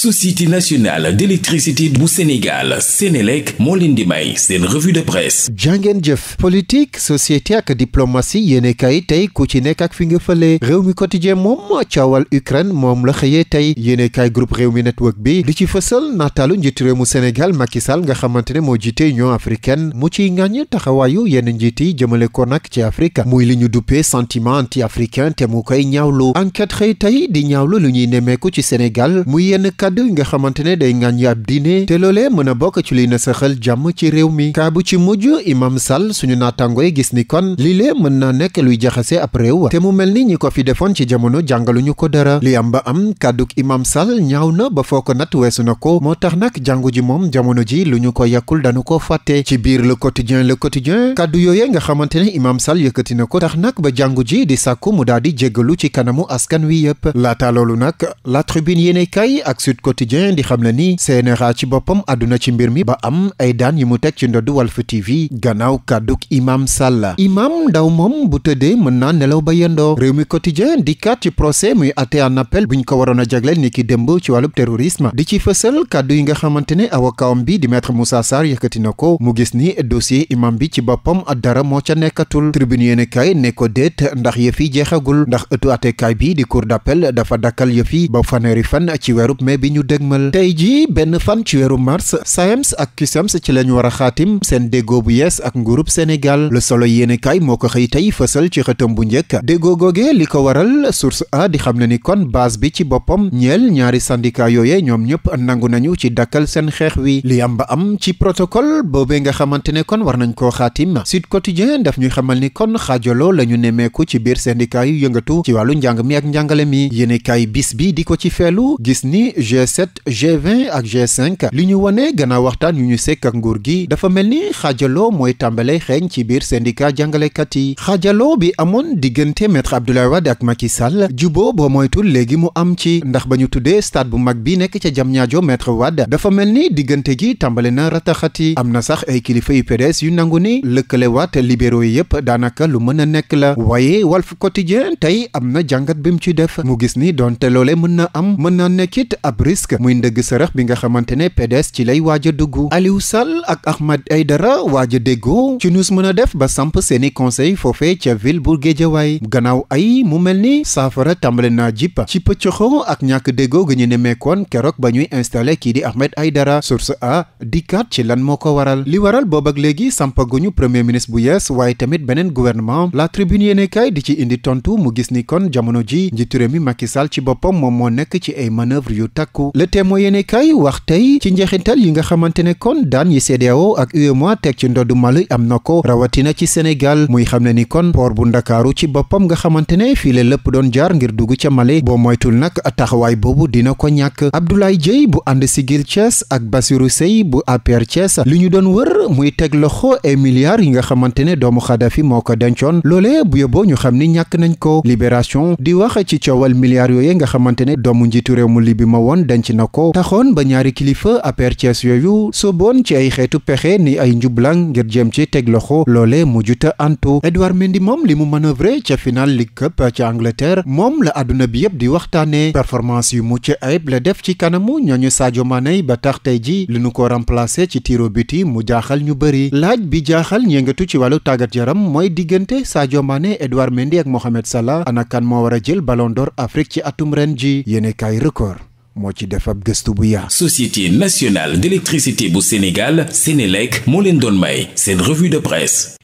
société nationale d'électricité bu Sénégal Sénélec moo leen di may seen revue de presse jàngeen jëf politique société ak diplomatie yéene kay tey ku ci nekk ak fi nga fële réew mi quotidien moom coowal Ukraine moom la xëyee tey yéene kay groupe réew mi network bi di ci fësal nataalu njiitu réew mu Sénégal Macky Sall nga xamante ne moo jiite Union africaine mu ci ŋàññ taxawaayu yenn njiit yi jëmale ko nag ci Afrique muy li ñu duppee sentiment anti africain te mu koy ñaawlu enquête xëy tey di ñaawlu lu ñuy nemmeeku ci Sénégal muy yenn kàddu yi nga xamante ne day ngaañ ab diine te loolee mën a bokk ci na saxal jàmm ci réew mi kaabu ci mujj imam Sall suñu naataango yi gis ni kon lii lee mën naa nekk luy jaxase ab réew te mu mel ni ñi ko fi defoon ci jamono jàngalu ñu ko dara li am ba am kàdduk imam Sall ñaaw na ba foo ko nat weesu na ko moo tax nag jàngu ji moom jamono ji lu ñu ko yàkkul dañu ko fàtte ci biir le quotidien le quotidien kàddu yooyee nga xamante ne imam Sall yëkkati na ko tax nag ba jàngu ji di sàkku mu daal di jéggalu ci kanamu askan wi yëpp laata loolu Sud Quotidien di xam ne ni CNRA ci boppam àdduna ci mbir mi ba am ay daan yi mu teg ci ndoddu Walf TV gannaaw kàdduk Imam Sall Imam Ndaw moom bu tëddee mën naa nelaw ba yendoo réew mi Quotidien di kat ci procès muy até en appel buñ ko waroon a jagleel ni ki démb ci wàllub terrorisme di ci fësal kàddu yi nga xamante ne awakaawam bi di maître Moussa Sarr yëkkati na ko mu gis ni dossier imam bi ci boppam dara moo ca nekkatul tribune yéen kaay ndax yëf yi jeexagul ndax ëttu atekaay bi di cour d'appel dafa dakkal yëf yi ci weerub bi ñu dégmal tey jii benn fan ci weeru mars SAEMS ak CUSEMS ci lañu war a xaatim seen déggoo bu yees ak nguurub Sénégal la Soleil yéenekaay moo ko xëy tey fësal ci xëtam bu njëkk déggoo googee li ko waral source a di xam na ni kon base bi ci boppam ñeel ñaari syndicat yooye ñoom ñëpp nangu nañu ci dakkal seen xeex wi li am ba am ci protocole boobee nga xamante ne kon war nañ koo xaatim Sud Quotidien daf ñuy xamal ni kon xaajaloo la ñu nemmeeku ci biir syndicat yu yëngatu ci wàllu njàng mi ak njàngale mi G7 G20 ak G5 li ñu wane gannaaw waxtaan yu ñu sekk ak nguur gi dafa mel ni xaajaloo mooy tàmbale xeeñ ci biir syndicat jàngalekat yi xaajaloo bi amoon diggante maître Abdoulaye Wade ak Macky Sall juboo boo moytul léegi mu am ci ndax ba ñu tuddee stade bu mag bi nekk ca Diamniadio maître Wade dafa mel ni diggante gi tàmbale na rataxati am na sax ay kilifa yu yu nangu ni lëkkale waat libéraux yi yëpp daanaka lu mën a nekk la waaye Walf Quotidien tey am na jàngat mu ci def mu gis risque muy ndëgg sërëx bi nga xamante ne PDS ci lay waaj a dugg Aliou Sall ak Ahmad Aydara waaj a déggoo ci nuus mën a def ba samp seeni conseil foofee ca ville bu Géejawaay gannaaw ay mu mel ni saafara tàmbale naa jippa ci pëccëxoo ak ñàkk déggoo gi ne mekkoon keroog ba ñuy installé kii di Ahmed Aydara source a dikkaat ci lan moo ko waral li waral boob ak léegi sampaguñu premier ministre bu yees waaye tamit beneen gouvernement la tribune yéene kaay di ci indi tontu mu gis ni kon yokku le témoin yéene kay wax ci njeexintal yi nga xamante ne kon daan yi CEDEAO ak UEMOA teg ci ndoddu Mali am na ko rawatina ci Sénégal muy xam ne ni kon port bu ndakaaru ci boppam nga xamante ne fii la lépp doon jaar ngir dugg ca Mali boo moytul nag taxawaay boobu dina ko ñàkk Abdoulaye Dieye bu ànd sigil Thiès ak basiru Seye bu APR Thiès li ñu doon wër muy teg loxo ay milliards yi nga xamante ne doomu Xadafi moo ko dencoon loole bu yóbboo ñu xam nañ ko libération di denc na ko taxoon ba ñaari kilifa APR Thiès yooyu sóoboon ci ay xeetu pexe ni ay njublang ngir jëm ci teg loxo loole mujjuta antu Edouard Mendy moom li mu manœuvre ca final League Cup ca Angleterre moom la àdduna bi yëpp di waxtaane performance yu mucc ayib la def ci kanamu ñooñu Sadio Mané ba tax tey ji li nu ko remplacer ci tiro biti mu jaaxal ñu bëri laaj bi jaaxal ñëngatu ci wàllu tàggat yaram mooy diggante Sadio Mané Edouard Mendy ak Mohamed Salah ana kan moo war a jël Ballon d'Or ci atum ren ji yéene kaay moo ci def ab gëstu bu yaa société nationale d'électricité bu Sénégal Sénélec moo leen doon may seen revue de presse